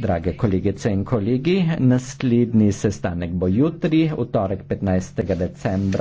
Drage kolegice in kolegi, naslednji sestanek bo jutri, v torek 15. decembra.